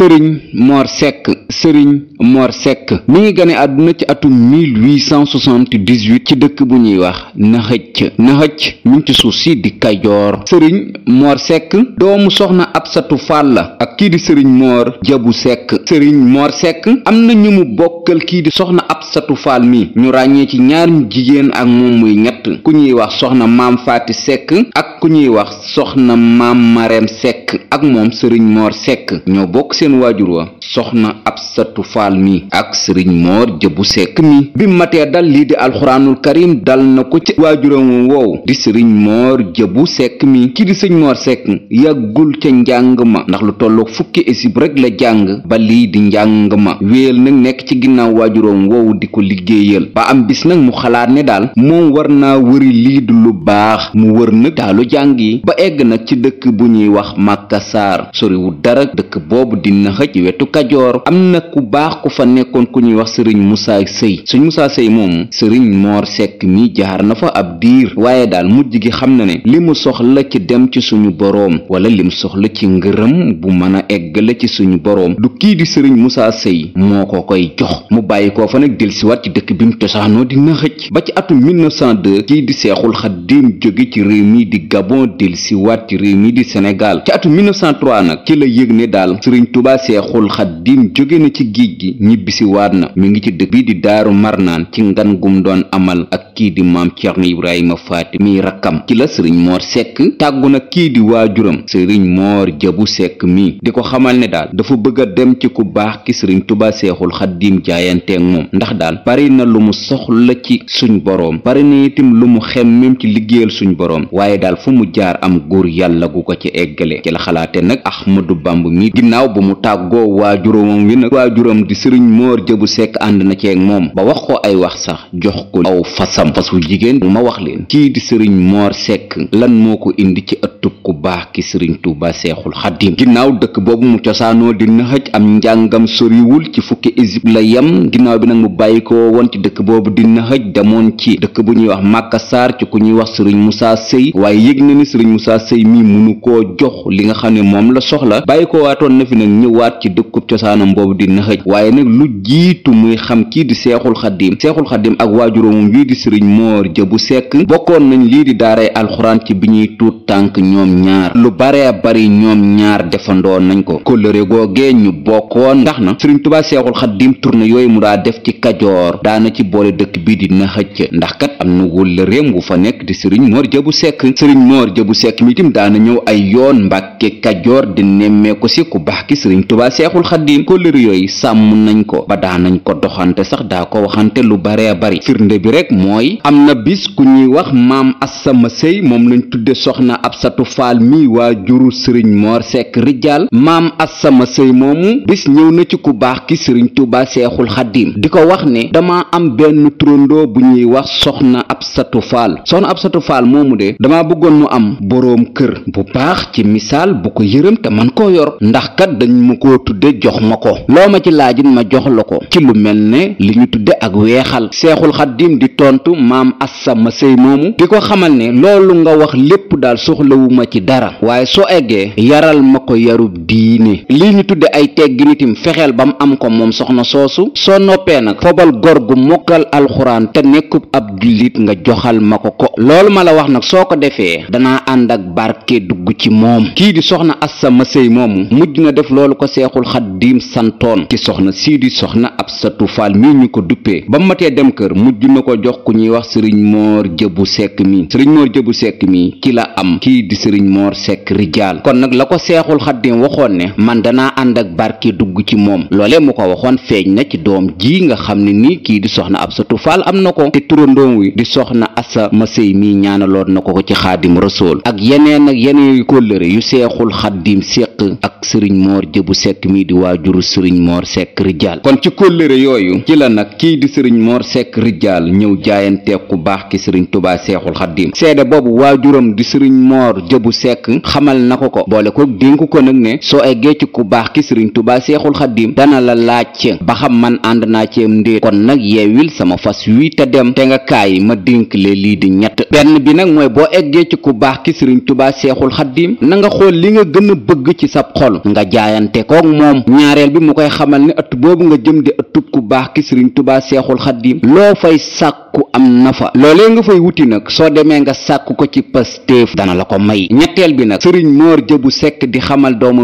sëriñ Mor Seck sëriñ Mor Seck mi ngi gane àdduna ci atum 1878 ci dëkk bu ñuy wax Naxëcc Naxëcc mi ci suuf si di Kajoor sëriñ Mor Seck doomu soxna Absatu Fall la kii di sëriñ moor jabu sekk sëriñ moor sekk am na ñu mu bokkal kii di soxna satu faal mi ñu ràññee ci ñaar ñu jigéen ak moom muy ñett ku ñuy wax soxna maam faati sekk ak ku ñuy wax soxna maam mareem sekk ak moom sëriñ moor sekk ñoo bokk seen waajur wa soxna absatu faal mi ak sëriñ moor jabu sekk mi bi matee dal lii di alxuraanul karim dal na ko ci waajuram woow di sëriñ moor jabu sekk mi kii di sëriñ moor sekk yàggul ca njàng ma ndax lu tollu fukki isib rek la jàng ba lii di njàng ma wéyal nag nekk ci ginnaaw waajuroom woowu di ko liggéeyal ba am bis nag mu xalaat ne daal moom war naa wëri lii du lu baax mu wër nag taalu jàng yi ba egg nag ci dëkk bu ñuy wax màkkasaar soriwu dara dëkk boobu di naxa ci wetu kajoor am na ku baax ku fa nekkoon ku ñuy wax sëriñ musaa sëy suñu musaa sëy moomu sëriñ moor sekk mi jaar na fa ab diir waaye daal mujj gi xam na ne li mu soxla ci dem ci suñu boroom wala li soxla ci ngërëm mën a eggale ci suñu boroom du kii di sëriñ Moussa Seye moo ko koy jox mu bàyyi koo fa nag delsiwaat ci dëkk bi mu cosaanoo di xëcc ba ci atum 1902 kii di seexul xaddiim jóge ci réew mi di Gabon delsiwaat ci réew mi di senegal ci atu 1903 nag ci la yéeg ne daal sëriñ Touba seexul xaddiim jóge na ci géej gi ñibbisiwaat na mu ngi ci dëkk bi di Daaru Marnaan ci ngan gum doon amal ak kii di maam Cerno Ibrahima Faati mi rakkam ci la sëriñ Moor Sekk tàggu nag kii di waajuram sëriñ Moor Jabu Sekk mi di ko xamal ne daal dafa bëgg dem ci ku baax ki sëriñ Tuubaa Seexul Xaddiim jaayanteeg moom ndax daal bari na lu mu soxla ci suñ boroom bari na itam lu mu xemmem ci liggéeyal suñ boroom waaye daal fu mu jaar am góor yàlla gu ko ci eggale ci la xalaate nag Ahmadu Bamb mi ginnaaw ba mu tàggoo waajuróomam wi nag waajuram di sëriñ Moor Jëbu Sekk ànd na ceeg moom ba wax ko ay wax sax jox ko aw fasam fasu jigéen ma wax leen kii di sëriñ Moor Sekk lan moo ko indi ci ëttub baax ki sëriñ Tuubaa dëkk boobu mu cosaanoo di nëxëj am njàngam soriwul ci fukki isib la yem ginnaaw bi nag mu bàyyi ko woon ci dëkk boobu di nëxëj demoon ci dëkk bu ñuy wax màkkasaar ci ku ñuy wax sëriñ Moussa Sëy waaye yëg na ni sëriñ Moussa Sëy mii munu koo jox li nga xam ne moom la soxla bàyyi ko waatoon na fi nag ñëwaat ci dëkkub cosaanam boobu di nëxëj waaye nag lu jiitu muy xam kii di seexul xaddim seexul xaddim ak waajuróomum wii di sëriñ moor bu sekk bokkoon nañ lii di alxuraan ci bi ñuy tuut tànk ñoom ñaar lu bare waxoon nañ ko kóllëre googee ñu bokkoon ndax na sëriñ tubaa seexul xaddim tourné yooyu mu daa def ci kajoor daana ci boole dëkk bii di naxëcc ndax kat am na wóllëreem wu fa nekk di sëriñ moor jëbu sekk sëriñ moor jëbu sekk mi itam daana ñëw ay yoon mbàkke kajoor di nemmeeku ko si ku baax ki sëriñ tubaa seexul xaddim kóllëre yooyu sàmm nañ ko ba daanañ ko doxante sax daa ko waxante lu baree bari firnde bi rek mooy am na bis ku ñuy wax maam sama sëy moom lañ tudde soxna ab satu faal mi waajuru sëriñ moor sekk rijaal maam assama sëy moomu bis ñëw na ci ku baax ki sëriñ tuuba seexul xaddiim di ko wax ni dama am benn turandoo bu ñuy wax soxna absatu faal soxna absatu faal moomu de dama bëggoon mu am boroom kër bu baax ci misaal bu ko yërëm te man koo yor ndax kat dañ ma ko tudde jox ma ko loo ma ci laajit ma jox la ko ci lu mel ne li ñu tudde ak weexal seexul xaddiim di tontu maam assama sëy moomu di ko xamal ne loolu nga wax lépp daal soxlawuma ci dara waaye soo eggee yaral ma ko yarub diine lii ñu tudde ay teggin itam fexeel ba mu am ko moom soxna soosu soo noppee nag fobal gor gu mokkal alxuraan te nekkub ab jullit nga joxal ma ko ko loolu ma la wax nag soo ko defee danaa ànd ak barke dugg ci moom kii di soxna Asta Masey moomu mujj na def loolu ko seexul xaddiim santoon ci soxna sii di soxna sa Faal mii ñu ko duppee ba mu matee dem kër mujj na ko jox ku ñuy wax sëriñ moor jëbu sekk mi sëriñ moor jëbu sekk mi ci la am kii di sëriñ moor sekk la waxoon ne man danaa ànd ak barke dugg ci moom loole mu ko waxoon feeñ na ci doom ji nga xam ne nii kii di soxna Absatu Faal am na ko te turandoom wi di soxna Asa Masey mii ñaanaloon na ko ko ci xaadim rasool ak yeneen ak yeneen yu kóllëre yu seexul xaddim seq ak sëriñ moor jë bu sekk mii di waajuru sëriñ moor sekk rijal kon ci kóllëre yooyu ci la nag kii di sëriñ moor sekk rijal ñëw jaayante ku baax ki sëriñ tubaa seexul xaddim seede boobu waajuram di sëriñ moor jëbu sekk xamal na ko ko boole ko dénk ko nag soo eggee ci ku baax ki sëriñ tubaa seexul xaddim dana la laaj ba xam man ànd naa ci am ndéet kon nag yeewil sama fas wi te dem te nga kaay ma dénk le lii di ñett benn bi nag mooy boo eggee ci ku baax ki sëriñ tubaa seexul xaddim na nga xool li nga gën a bëgg ci sab xol nga jaayante koog moom ñaareel bi mu koy xamal ne ëtt boobu nga jëm di ëttub ku baax ki sëriñ tubaa seexul xaddim loo fay sàkku am na fa loolee nga fay wuti nag soo demee nga sàkku ko ci pastéef dana la ko may ñetteel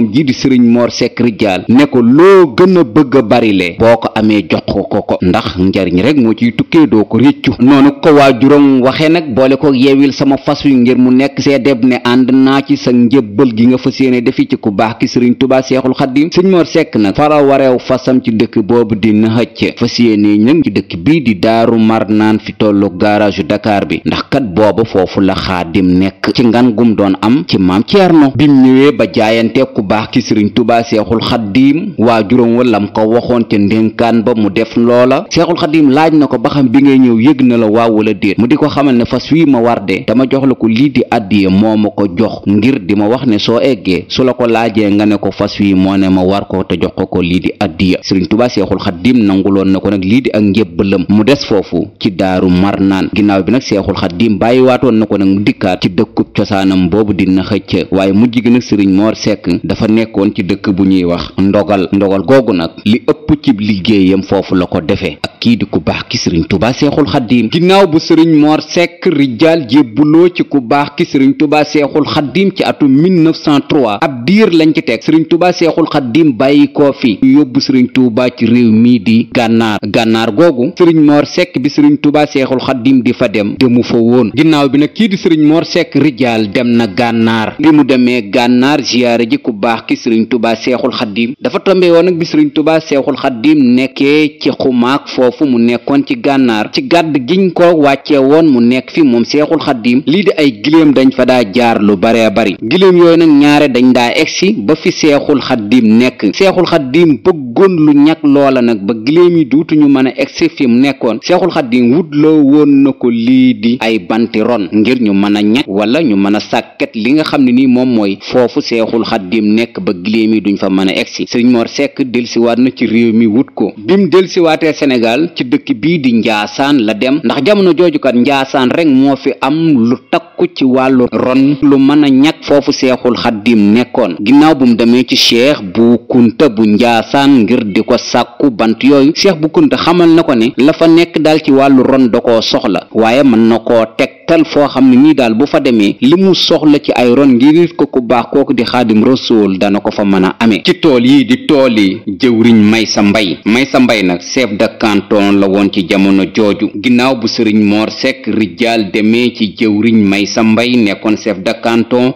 doomam ji di sëriñ moor sekk rijaal ne ko loo gën a bëgg barile boo ko amee jox ko ko ndax njariñ rek moo ciy tukkee doo ko réccu noonu ko waajuram waxee nag boole ko yeewil sama fas wi ngir mu nekk seedeb ne ànd naa ci sa njëbbal gi nga fa séene defi ci ku baax ki sëriñ tubaa seexul xaddim sëñ moor sekk nag fara wareew fasam ci dëkk boobu di naxëcc fa séene nag ci dëkk bii di daaru mar naan fi tollu garage dakaar bi ndax kat booba foofu la xaadim nekk ci ngan gum doon am baax ki sëriñ tubaa seexul xaddiim waajuram walam ko waxoon ca ndénkaan ba mu def loola seexul xaddiim laaj na ko ba xam bi ngay ñëw yëg na la waaw wala déet mu di ko xamal ne fas wi ma war de dama jox la ko lii di àddiye moo ma ko jox ngir di ma wax ne soo eggee su la ko laajee nga ne ko fas wi moo ne ma war ko te jox ko ko lii di àddiya sëriñ tubaa seexul xaddiim loon na ko nag lii di ak njébbalam mu des foofu ci daaru marnaan ginnaaw bi nag seexul xaddiim bàyyi waatoon na ko nag mu dikkaat ci dëkkub boobu dina xëcc waaye mujj dafa nekkoon ci dëkk bu ñuy wax ndogal ndogal googu nag li ëpp ci liggéeyam foofu la ko defee kii di ku baax ki sëriñ tubaa seexul xaddiim ginnaaw bu sëriñ moor sekk rijaal jébbuloo ci ku baax ki sëriñ tubaa seexul xaddiim ci atum 1903 ab diir lañ ci teg sëriñ tubaa seexul xaddiim bàyyi koo fi ñu yóbbu sëriñ tuubaa ci réew mii di gànnaar gànnaar googu sëriñ moor sekk bi sëriñ tubaa seexul xaddiim di fa dem demu fa woon ginnaaw bi nag kii di sëriñ moor sekk rijaal dem na gànnaar bi mu demee gànnaar ziyaara ji ku baax ki sëriñ tubaa seexul xaddiim tubaa seexul xaddiim nekkee foofu mu nekkoon ci gànnaar ci gàdd giñ ko wàccee woon mu nekk fi moom seexul xaddiim lii di ay giléem dañ fa daa jaar lu baree bari giléem yooyu nag ñaare dañ daa egsi ba fi seexul xaddiim nekk seexul xaddiim bëgg bëggoon lu ñag loola nag ba giléem yi duutuñu mën a egsi fi mu nekkoon seexul xaddim wutloo woon na ko lii di ay banti ron ngir ñu mën a ñag wala ñu mën a sàkket li nga xam ne nii moom mooy foofu seexul xaddim nekk ba giléem yi duñ fa mën a egsi sëriñ Mor Seck delsiwaat na ci réew mi wut ko bim delsiwaatee Sénégal ci dëkk bii di njaasaan la dem ndax jamono joojukat njaasaan rek moo fi am lu takku ci wàllu ron lu mën a ñag foofu seexul xaddim nekkoon ginnaaw bu mu demee ci cheikh bu kunta bu njaasaan ngir di ko sàkku bant yooyu seex bu kunta xamal na ko ni la fa nekk daal ci wàllu ron da ko soxla waaye mën na koo teg tegtal foo xam ne nii daal bu fa demee li mu soxla ci ay ron ngir ko ku baax kooku di xaadim rasul dana ko fa mën a amee ci tool yii di tool yi jëwriñ Maysa Mbay Maysa Mbay nag chef de la woon ci jamono jooju ginnaaw bu sëriñ Mor Seck rijaal demee ci jëwriñ Maysa Mbay nekkoon chef de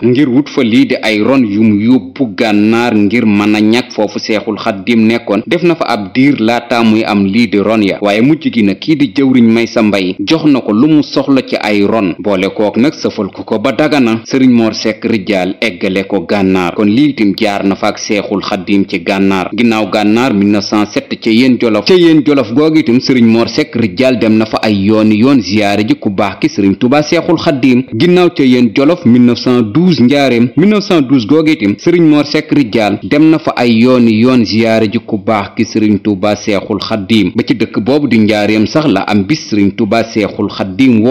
ngir wut fa lii di ay ron yu mu yóbbu gànnaar ngir mën a ñàkk foofu seexul xaddim nekkoon def na fa ab diir laata muy am lii di ron ya waaye mujj gi nag kii di jëwriñ may sa Mbay jox na ko lu mu soxla ci ay ron yoon boole kook nag sëfal ko ko ba dagana sëriñ moor sekk rijjaal eggale ko gànnaar kon lii itam jaar nafa fa ak seexul xaddiim ci gànnaar ginnaaw gànnaar 1907 ca yéen jolof ca yéen jolof googu itam sëriñ moor sekk rijjaal dem na fa ay yooni yoon ziyaare ji ku baax ki sëriñ tubaa seexul xaddiim ginnaaw ca yéen jolof 1912 njaareem 1912 googu itam sëriñ moor sekk rijjaal dem na fa ay yooni yoon ziyaare ji ku baax ki sëriñ tubaa seexul xaddiim ba ci dëkk boobu di njaareem sax la am bis sëriñ tubaa seexul xaddiim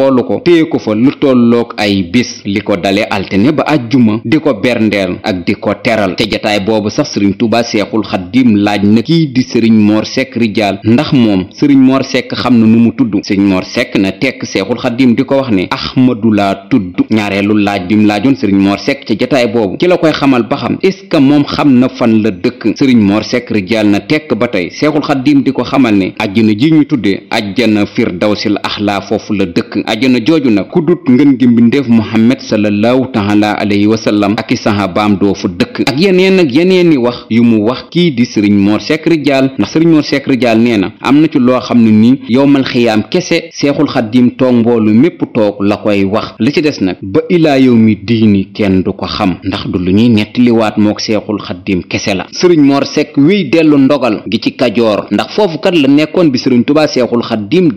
ko fa lu tolloog ay bis li ko dale altine ba àjjuma di ko berndeel ak di ko teral te jataay boobu sax sëriñ Tuubaa Seexul Xaddiim laaj na kii di sëriñ moor Seck Rijaal ndax moom sëriñ moor sekk xam na nu mu tudd sëriñ Mor Seck na tekk Seexul Xaddiim di ko wax ne Ahmadu laa tudd ñaareelu laaj bi mu laajoon sëriñ Mor sekk ca jataay boobu ci la koy xamal ba xam est-ce que moom xam na fan la dëkk sëriñ moor Seck Rijaal na tekk ba tey Seexul Xaddiim di ko xamal ne àjjana ji ñu tudde àjjana firdawsil axlaa foofu la dëkk àjjana jooju nag kudut ngën gi mbindeef muhammad sallallahu taala alayhi wa ak i sahabaam doo fa dëkk ak yeneen ak yeneen wax yu mu wax kii di sëriñ moor sekk rijaal ndax sëriñ moor sekk rijaal nee na am na ci loo xam ne nii yowmal xiyaam kese seexul xaddiim toog mboolu mépp toog la koy wax li ci des nag ba illaa yow mi diini kenn du ko xam ndax du lu ñuy liwaat mook seexul xaddiim kese la sëriñ moor sekk wiy dellu ndogal gi ci kajoor ndax foofu kat la nekkoon bi sëriñ tubaa seexul xaddiim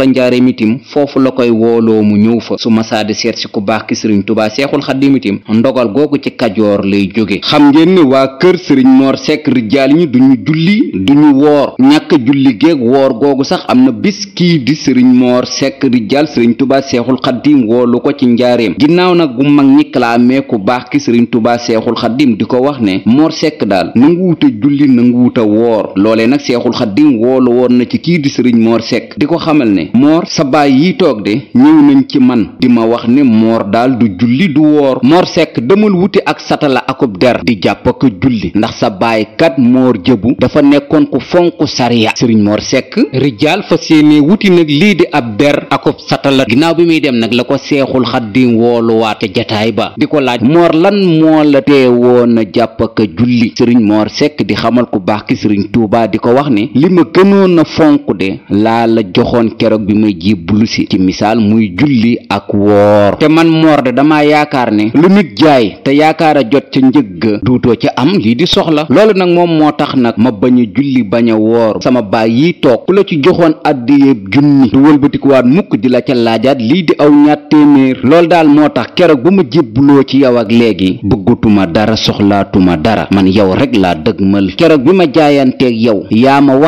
soxla njaareem itim foofu la koy wooloo mu ñëw fa su masaa di seet si ku baax ki sëriñ tubaa seexul xaddim itim ndogal googu ci kajoor lay jóge xam ngeen ne waa kër sëriñ moor sekk rijaal ñi duñu julli duñu woor ñàkk julli géeg woor googu sax am na bis kii di sëriñ moor sekk rijaal sëriñ tubaa seexul xaddim woolu ko ci njaareem ginnaaw nag gu mag ñi kalaamee ku baax ki sëriñ tubaa seexul xaddim di ko wax ne moor sekk daal nanguwuta julli nanguwuta woor loolee nag seexul xaddim woolu woon na ci kii di sëriñ sekk di ko xamal ne moor sa baay yi toog de ñëw nañ ci man di ma wax ne moor daal du julli du woor moor sekk demal wuti ak satala akub der di jàpp julli ndax sa baay kat moor jëbu dafa nekkoon ku fonk sariya sëriñ moor sekk rijaal fa séenee wuti nag lii di ab der akub satala ginnaaw bi muy dem nag la ko seexul xaddim wooluwaate jataay ba di ko laaj moor lan moo la tee woon a jàpp julli sëriñ moor sekk di xamal ku baax ki sëriñ tuubaa di ko wax ne li ma gënoon fonk de laa joxoon keroog bi may jébblu si ci misaal muy julli ak woor te man moor de damaa yaakaar ne lu nit jaay te yaakaar a jot ca njëgga duutoo ca am lii di soxla loolu nag moom moo tax nag ma bañ julli bañ a woor sama baay yi toog ku la ci joxoon àddiyeeb junni du wëlbatikuwaat mukk di la ca laajaat lii di aw ñaat téeméer loolu daal moo tax keroog bu ma jébbloo ci yow ak léegi bëggatuma dara soxlaatuma dara man yow rek laa dëgmal keroog bi ma jaayanteeg yow yaa ma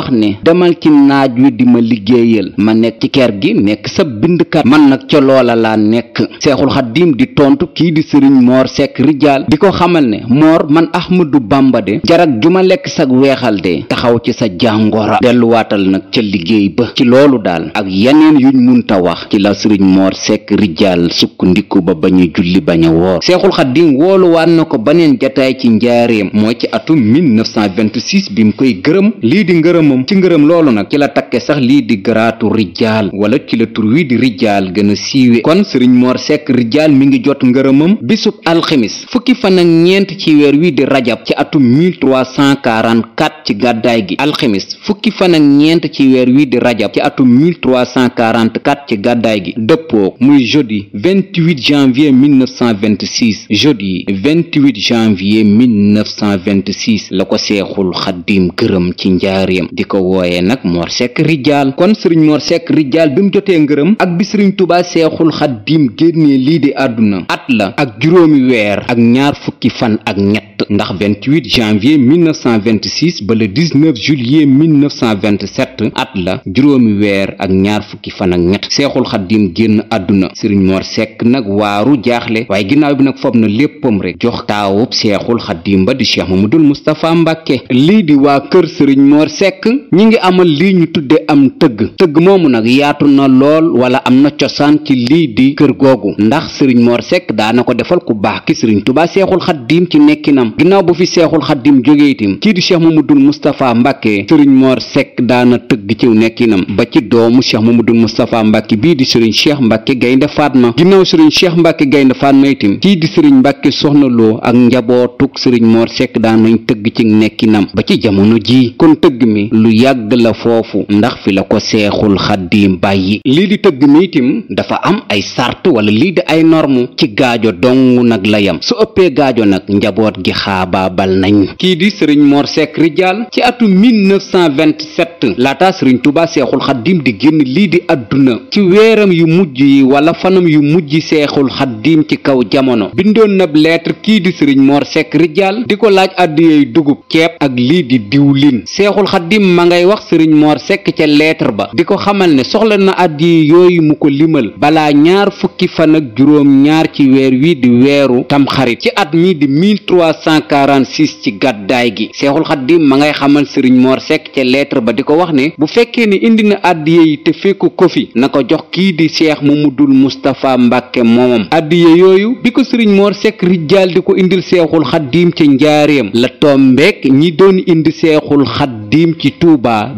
ci ker gi nekk sa bind bindkat man nag ca loola laa nekk seexul xaddiim di tontu kii di sëriñ moor sekk rijaal di ko xamal ne moor man ahmadu bamba de jarak ju ma lekk sag weexal de taxaw ci sa jàngora delluwaatal nag ca liggéey ba ci loolu daal ak yeneen yuñ munta wax ci la sëriñ moor sekk rijaal sukk ndikku ba ba ñu julli bañ a woor seexul xaddiim wooluwaat na ko ba baneen jataay ci njaareem mooy ci atum 1926 bi mu koy gërëm lii di ngërëmam ci ngërëm loolu ci la mbàkke sax lii di garaatu rijaal wala ci la tur wi di rijaal gën a siiwe kon sëriñ moor sekk rijaal mi ngi jot ngërëmam bisub alxemis fukki fan ñeent ci weer wi di rajab ci atum 1344 ci gàddaay gi alxemis fukki fan ñeent ci weer wii di rajab ci atum 1344 ci gàddaay gi dëppoo muy jeudi 28 janvier 1926 jeudi 28 janvier 1926 la ko seexul xaddim gërëm ci njaareem di ko wooye nag Mor rijaal kon sëriñ Mor Seck rijaal bi mu jotee ngërëm ak bi sëriñ Tuubaa seexul xaddiim génnee lii di àdduna at la ak juróomi weer ak ñaar fukki fan ak ñett ndax 28 janvier 1926 ba le 19 juillet 1927 at la juróomi weer ak ñaar fukki fan ak ñett seexul xaddiim génn àdduna sëriñ Mor Seck nag waaru jaaxle waaye ginnaaw bi nag fob na léppam rek jox taawub seexul xaddiim ba di cheikh mamadul Moustapha Mbàkke lii di waa kër sëriñ Mor Seck ñi ngi amal lii ñu tudde tudde am tëgg tëgg moomu nag yaatu na lool wala am na cosaan ci lii di kër googu ndax sëriñ moor Seck daana ko defal ku baax ki sëriñ Tuubaa seexul xaddiim ci nekkinam ginnaaw bu fi seexul xaddiim jógee itam kii di cheikh Mamadou Moustapha Mbacke sëriñ Mor Seck daana tëgg ci nekkinam ba ci doomu cheikh Mamadou Moustapha Mbacke bii di sëriñ cheikh Mbacke gaynde Fatma ginnaaw sëriñ cheikh Mbacke gaynde Fatma itam kii di sëriñ Mbacke soxna loo ak njabootug sëriñ Mor Seck daanañ tëgg ci nekkinam ba ci jamono ji ndax fi la ko seexul xaddiim bàyyi lii di tëgg mi itam dafa am ay sart wala lii di ay norme ci gaajo dong nag la yam su ëppee gaajo nag njaboot gi xaabaabal nañ kii di sëriñ moor Seck Rijaal ci atu 1927 laata sëriñ Tuubaa seexul xaddiim di génn lii di àdduna ci weeram yu mujj yi wala fanam yu mujj seexul xaddiim ci kaw jamono bindoon nab lettre kii di sëriñ moor Seck Rijaal di ko laaj àddiyey dugub ceeb ak lii di diwlin seexul xaddiim ma ngay wax sëriñ nekk ca lettre ba di ko xamal ne soxla na addiya yooyu mu ko limal balaa ñaar fukki fan ak juróom ñaar ci weer wi di weeru tamxarit ci at mi di 1346 ci gàddaay gi seexul xaddim ma ngay xamal sëriñ moor Seck ca lettre ba di ko wax ne bu fekkee ne indi na addiya yi te fekk ko fi na ko jox kii di seex dul Moustapha Mbàkke moomam addiya yooyu bi ko sëriñ moor Seck rijjaal di ko indil seexul xaddim ca njaareem la tombeek ñi doon indi seexul xaddim ci Tuubaa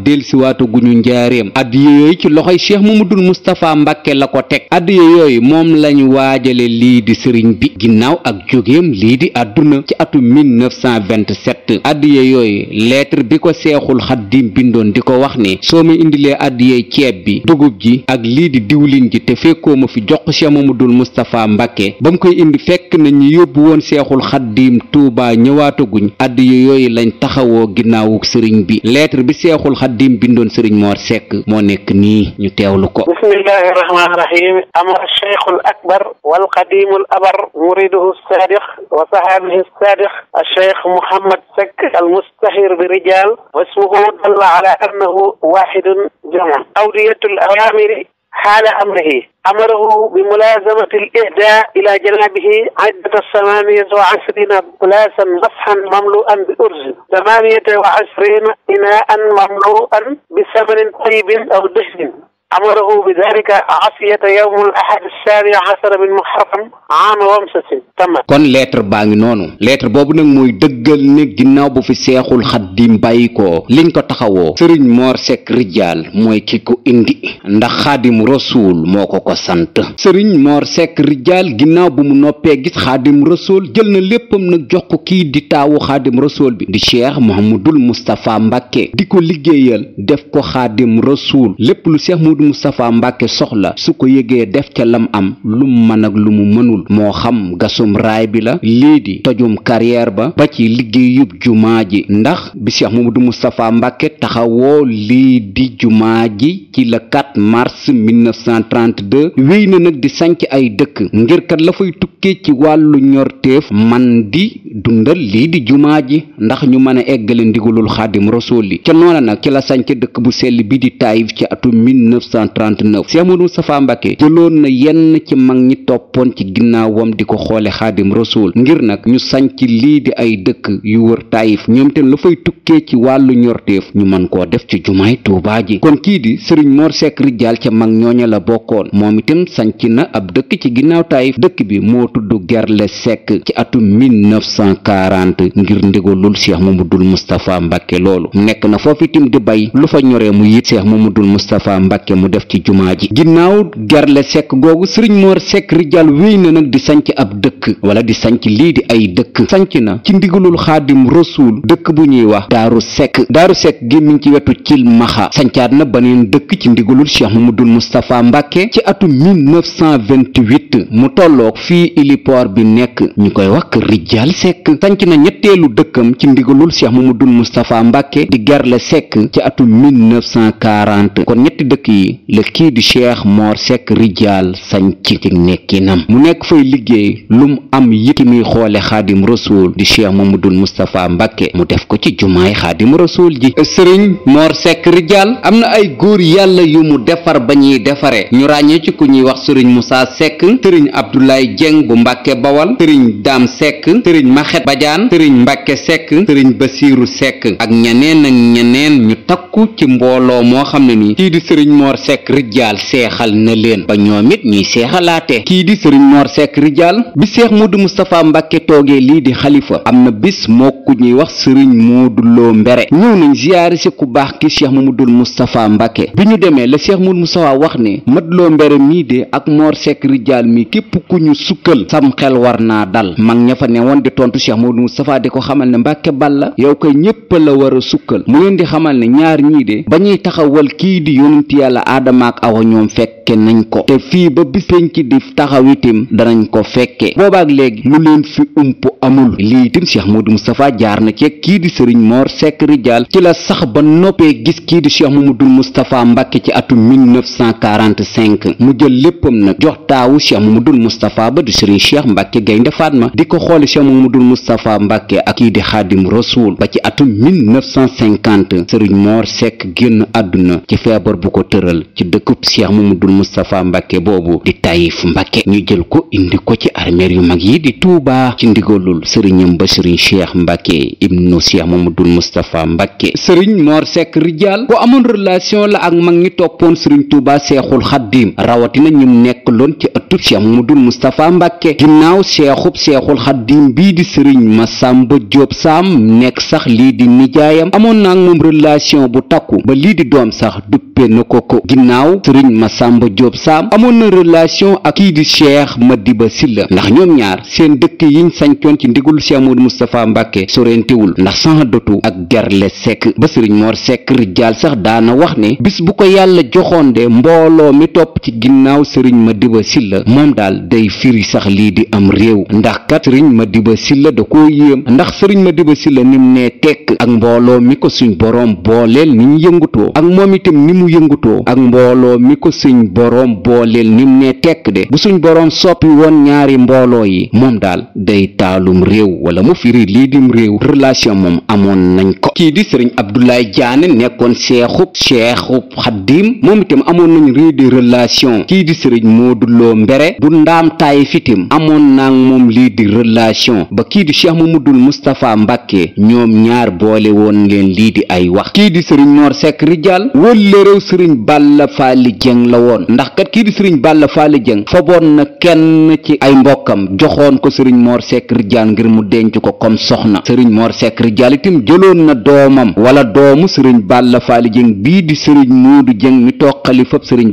guñu njaareem addiya yooyu ci loxoy cheikh mamadul moustapha mbàkke la ko teg addiya yooyu moom lañu waajale lii di sëriñ bi ginnaaw ak jógeem lii di àdduna ci atu 1927 addiya yooyu lettre bi ko seexul xaddim bindoon di ko wax ni soo ma indilee addiyey ceeb bi dugub ji ak lii di diwlin ji te fekkoo ma fi jox ko cheikh dul moustapha mbàkke ba mu koy indi fekk na ñu yóbbu woon seexul xaddim tuubaa ñëwaataguñ addiya yooyu lañ taxawoo ginnaawuk sëriñ bi lettre bi seexul xaddim sëriñ Mor Seck moo nekk nii ñu teewlu ko bismillahi rahmaani rahim amar cheikhul akbar wal qadimul abar muriduhu sadiq wa sahaabihi sadiq cheikh Mouhamed Seck al mustahir bi rijal wa ismuhu dalla ala annahu wahidun jama awdiyatul awamiri حال أمره أمره بملازمة الإهداء إلى جنابه عدة الثمانية وعشرين بلاسا مصحا مملوءا بأرز ثمانية وعشرين إناء مملوءا بثمن طيب أو دهن أمره بذلك عصية يوم الأحد السابع عشر من محرم عام wamsatin tamma baa ngi noonu lettre boobu nag mooy dëggal ne ginnaaw bu seexul xaddim bàyyi ko liñ ko taxawoo sëriñ Mor Seck Rijaal mooy ki ko indi ndax xaadim rasuul moo ko ko sant sëriñ Mor Seck Rijaal ginnaaw bu mu noppee gis xaadim rasuul jël na léppam nag jox ko kii di taawu xaadim rasuul bi di cheikh Mouhamadul Moustapha Mbacke di ko liggéeyal def ko xaadim rasuul lépp lu cheikh Moustapha Mbàkke soxla su ko yëgee def ca lam am lu man mën ak lu mu mënul moo xam gasum raay bi la lii di tojum carrière ba ba ci liggéeyub jumaa ji ndax bi Cheikh Mamadou Moustapha Mbàkke taxawoo lii di jumaa ji ci le 4 mars 1932 wéy na nag di sanc ay dëkk ngir kat la fay tukke ci wàllu ñorteef man di dundal lii di jumaa ji ndax ñu mën a eggale ndigalul xaadim rasool li ca noona nag ci la sanc dëkk bu sell bi di Taïf ci atum 1939 Cheikh Modou Moustapha Mbacke jëloon na yenn ci mag ñi toppoon ci ginnaawam di ko xoole xaadim rasul ngir nag ñu sañc lii di ay dëkk yu wër taayif ñoom itam lu fay tukkee ci wàllu ñorteef ñu man koo def ci jumaay Tuubaa ji kon kii di sëriñ Mor Seck Rijaal ca mag ñooña la bokkoon moom itam sanc na ab dëkk ci ginnaaw taayif dëkk bi moo tudd Gerle Seck ci atum 1940 ngir ndigalul Cheikh Mamadul Moustapha Mbacke loolu nekk na foofu itam di bay lu fa ñoree Mbàkke mu def ci jumaa ji ginnaaw gerle sekk googu sëriñ Mor Sekk Rijal wéy na nag di sanc ab dëkk wala di sanc lii di ay dëkk sanc na ci ndigalul xaadim rasuul dëkk bu ñuy wax daaru sekk daaru sekk gi ci wetu cil maxa sancaat na baneen dëkk ci ndigalul cheikh mamadul moustapha mbàkke ci atum 1928 mu tolloog fii ilipoor bi nekk ñu koy wax kër rijal sekk sanc na ñetteelu dëkkam ci ndigalul cheikh mamadul moustapha mbàkke di gerle sekk ci atum 1940 kon ñetti dëkk yi gi la kii di cheikh moor sekk rijaal sañ ci nekkinam mu nekk fay liggéey lum am yiti muy xoole xaadim rasul di cheikh mamadul moustapha mbàkke mu def ko ci jumaay xaadim rasul ji sëriñ moor sekk rijaal am na ay góor yàlla yu mu defar ba ñuy defaree ñu ràññee ci ku ñuy wax sëriñ moussa sekk sëriñ abdoulaye jeng bu mbàkke bawal sëriñ daam sekk sëriñ maxet bajaan sëriñ mbàkke sekk sëriñ basiiru sekk ak ñeneen ak ñeneen ñu takku ci mbooloo moo xam ne ni kii di sëriñ moor Mor Seck Rijaal seexal na leen ba ñoom it ñuy seexalaate kii di sëriñ Mor Seck Rijaal bi seex mu Moodu Moustapha Mbàkke toogee lii di xalifa am na bis moo ku ñuy wax sëriñ Moodu Lo Mbere ñëw nañ ziyaari si ku baax ki seex Mamadul Moustapha Mbàkke bi ñu demee la seex Moodu Moustapha wax ne Moodu loo Mbere mii de ak Mor Seck Rijaal mi képp ku ñu sukkal sam xel war naa dal mag ña fa ne woon di tontu seex Moodu Moustapha di ko xamal ne Mbàkke Balla yow koy ñépp la war sukkal mu aadama ak awa ñoom fekke nañ ko te fii ba bi penc di taxawitim danañ ko fekke boobaak léegi lu leen fi ump amul lii itam cheikh Modou Moustapha jaar na ci kii di sëriñ Mor Seck Rijal ci la sax ba noppee gis kii di cheikh Mamadou Moustapha Mbacke ci atum 1945 mu jël léppam nag jox taawu cheikh Mamadou Moustapha ba di sëriñ cheikh Mbacke Gaynde Fatma di ko xoole cheikh Mamadou Moustapha Mbacke ak kii di xaadim Rasoul ba ci atum 1950 sëriñ Mor Seck génn àdduna ci feebar bu ko tëral dugal ci dëkkub Cheikh Mamadou Moustapha Mbacke boobu di Taïf Mbacke ñu jël ko indi ko ci armeer yu mag yi di Touba ci ndigalul sëriñam ba sëriñ Cheikh Mbacke ibnu Cheikh Mamadou Moustapha Mbacke sëriñ Mor Seck Rijal ko amoon relation la ak mag ñi toppoon sëriñ Touba Seexul Xaddim rawatina ñum nekk loon ci xalifatu cheikh mamadul mustapha mbàkke ginnaaw seexub seexul xaddim bii di sëriñ masàmba jóob saam nekk sax lii di nijaayam amoon naa ak bu takku ba lii di doom sax duppe na ko ko ginnaaw sëriñ masàmba jóob saam amoon na relation ak kii di cheikh madiba silla ndax ñoom ñaar seen dëkk yiñ sancoon ci ndigul cheikh mamadul mustapha mbàkke sorentewul ndax sans dotu ak gerle sekk ba sëriñ moor sekk rijaal sax daana wax ne bis bu ko yàlla joxoon mbooloo mi topp ci ginnaaw sëriñ madiba silla moom daal day firi sax lii di am réew ndax kat sëriñ Madiba Silla da koo yéem ndax sëriñ Madiba Silla ni mu nee tekk ak mbooloo mi ko suñ boroom booleel ni ñu ak moom itam ni mu yëngutoo ak mbooloo mi ko suñ boroom booleel ni mu tekk de bu suñ boroom soppi woon ñaari mbooloo yi moom daal day taalum réew wala mu firi lii dim réew relation moom amoon nañ ko kii di sëriñ Abdoulaye Diané nekkoon seexub seexub Xaddiim moom itam amoon nañu réew di relation kii di sëriñ Modou Lo dere du ndaamtaay fitim amoon naag moom lii di relation ba kii di cheikh mamadul mustapha mbàkke ñoom ñaar boole woon leen lii di ay wax kii di sëriñ moor sekk rijal wëllërew sëriñ bàlla faali jëng la woon ndax kat kii di sëriñ bàlla faali jëng faboon na kenn ci ay mbokkam joxoon ko sëriñ moor sekk rijal ngir mu denc ko comme soxna sëriñ moor sekk rijal itam jëloon na doomam wala doomu sëriñ bàlla faali bii di sëriñ muudu jëng mi toog xalifab sëriñ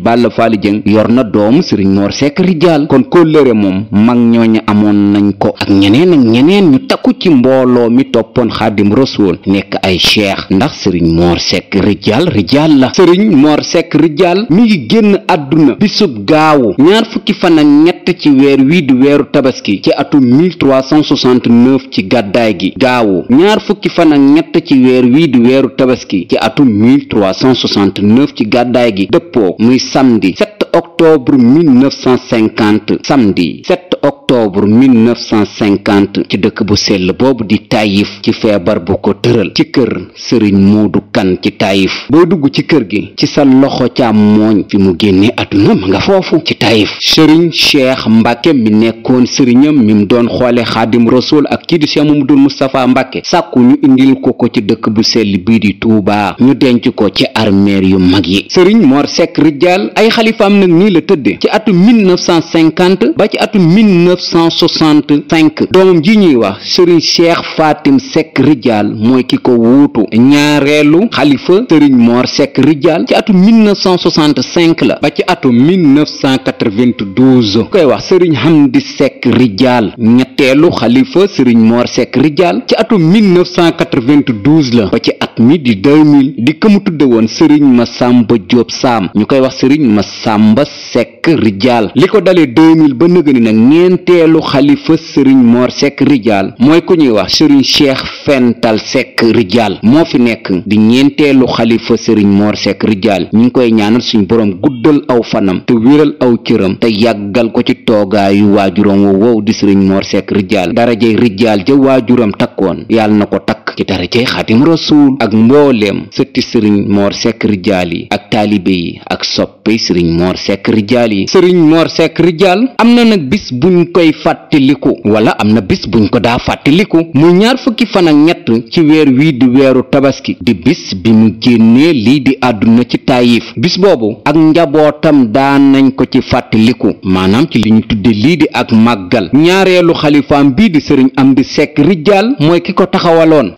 rijaal kon kóllëre moom mag ñooñu amoon nañ ko ak ñeneen ak ñeneen ñu takku ci mbooloo mi toppoon xaadim rasul nekk ay cheikh ndax sëriñ moor sekk rijaal rijaal la sëriñ moor sekk rijaal mi ngi génn àdduna bisub gaawu ñaar fukki fan ak ñett ci weer wii di weeru tabaski ci atum 1369 ci gàddaay gi gaawu ñaar fukki fan ñett ci weer wii di weeru tabaski ci atum 1369 ci gàddaay gi dëppoo muy samedi octobre 1950 samedi 7 octobre 1950 ci dëkk bu sell boobu di taayif ci feebar bu ko tëral ci kër sëriñ Moodu Kan ci taayif booy dugg ci kër gi ci sa loxo càmmooñ fi mu génnee àdduna ma nga foofu ci taayif sëriñ Cheikh Mbàkke mi nekkoon sëriñam mi mu doon xoole xaadim rasul ak kii di Cheikh Mamadul Moustapha Mbàkke sàkku ñu indil ko ko ci dëkk bu sell bii di Tuubaa ñu denc ko ci armeer yu mag yi sëriñ Mor Seck Rijal ay xalifaam nag nii la tëdde ci atum 1950 ba ci atum 1965 doomam ji ñuy wax sëriñ cheikh faatim sekk rijal mooy ki ko wuutu ñaareelu xalifa sëriñ moor sekk rijal ci atum 1965 la ba ci atum 1992 ku koy wax sëriñ hamdi sekk rijal ñetteelu xalifa sëriñ moor sekk rijal ci atum 1992 la ba ci at at mi di 2000 di këmu tudde woon sëriñ Masamba Jóob Saam ñu koy wax sëriñ Masamba Sekk Rijaal li ko dalee 2000 ba nëgëni nag ñeenteelu xalifa sëriñ Moor Sekk Rijaal mooy ku ñuy wax sëriñ Cheikh Fental Sekk Rijaal moo fi nekk di ñeenteelu xalifa sëriñ Moor Sekk Rijaal ñu ngi koy ñaanal suñu boroom guddal aw fanam te wéral aw cëram te yàggal ko ci toogaayu waajuram wow wow di sëriñ Moor Sekk Rijaal darajey Rijaal ja waajuram takkoon yàlla na ko takk bokk ci darajay xaadim rasuul ak mbooleem sëtti sëriñ moor sekk rijaal yi ak taalibe yi ak soppe sëriñ moor sekk rijaal yi sëriñ moor sekk rijaal am na nag bis bu ñu koy fàttaliku wala am na bis buñ ko daa fàttaliku muy ñaar fukki fan ñett ci weer wii di weeru tabaski di bis bi mu génnee lii di àdduna ci taayif bis boobu ak njabootam daa nañ ko ci fàttaliku maanaam ci li ñu tudde lii di ak màggal ñaareelu xalifaam bii di sëriñ Amdi Sekk Rijaal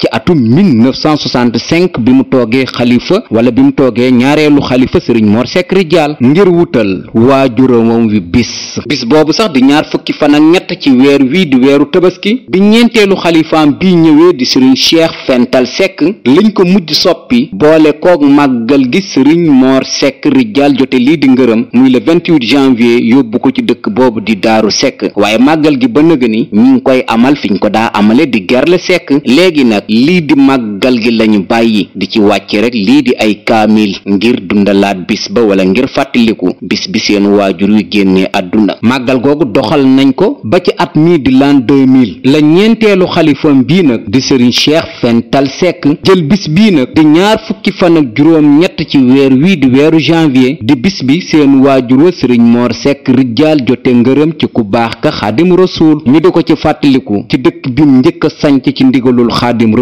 ci atum 1965 bi mu toogee xalifa wala bi mu toogee ñaareelu xalifa sëriñ Mor Seck Rijaal ngir wutal waajuramam wi bis bis boobu sax di ñaar fukki fan ak ñett ci weer wii di weeru tabaski bi ñeenteelu xalifaam bi ñëwee di sëriñ Cheikh Fental sekk liñ ko mujj soppi boole kook màggal gi sëriñ Mor Seck Rijaal jote lii di ngërëm muy le 28 janvier yóbbu ko ci dëkk boobu di Daaru sekk waaye màggal gi ba nëgëni ñu koy amal fiñ ko daa amale di gerle Seck léegi nag lii di màggal gi lañu bàyyi di ci wàcc rek lii di ay kaamil ngir dundalaat bis ba wala ngir fàttaliku bis bi seen waajur wi génnee àdduna màggal googu doxal nañ ko ba ci at mii di l'an 2000 la ñeenteelu xalifam bii nag di sëriñ cheikh fental sekk jël bis bii nag di ñaar fukki fan ak juróom ñett ci weer wii di weeru janvier di bis bi seen waajur wa sëriñ moor sekk rijjaal jote ngërëm ci ku baax ka xaadim rasuul ñu di ko ci fàttaliku ci dëkk bi njëkk a ci ndigalul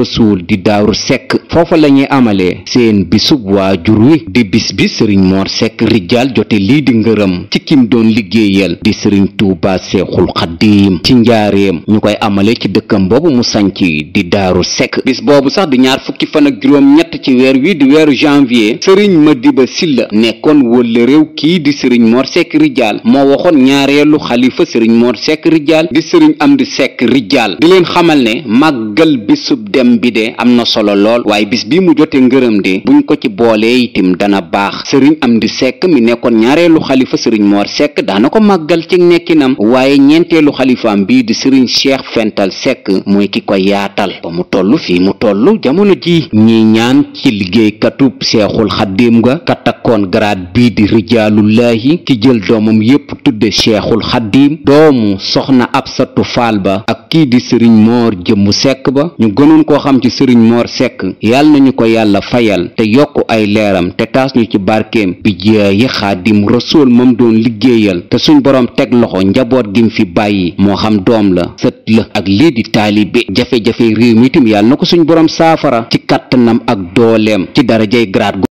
Rasoul di Daaru Sekk foofa la ñuy amalee seen bisub waajur wi di bis bi sëriñ Mor Seck Rijal jote lii di ngërëm ci kim doon liggéeyal di sëriñ Tuuba Seexul Xaddiim ci njaareem ñu koy amale ci dëkkam boobu mu sanc di Daaru Seck bis boobu sax di ñaar fukki fan ak juróom ñett ci weer wi di weeru janvier sëriñ ba Silla nekkoon wëlle réew kii di sëriñ moor Seck Rijal moo waxoon ñaareelu xalifa sëriñ Mor Seck Rijal di sëriñ Amdi Seck Rijal di leen xamal ne màggal bisub dem bi de am na solo lool waaye bis bi mu jote ngërëm di buñ ko ci boolee itim dana baax sëriñ Amdi sekk mi nekkoon ñaareelu xalifa sëriñ Mor Seck daana ko màggal ci nekkinam waaye ñeenteelu xalifaam bii di sëriñ Cheikh Fental Seck mooy ki ko yaatal ba mu toll fii mu tollu jamono ji ñi ñaan ci liggéeykatub Seexul Xaddiim ga ka takkoon garaat bii di rijaalullaahi ki jël doomam yépp tudde Seexul Xaddiim doomu soxna Absatu Faal ba ak kii di sëriñ moor Jëmmu Seck ba ñu gënoon koo xam yàlla na ñu ko yàlla fayal te yokk ay leeram te taas ñu ci barkeem bi jeeyi xaadim rasool moom doon liggéeyal te suñ boroom teg loxo njaboot gim fi bàyyi moo xam doom la sët la ak lii di taalibe jafe-jafe réew mi itam yàlla na ko suñ boroom saafara ci kàttanam ak dooleem ci darajay grade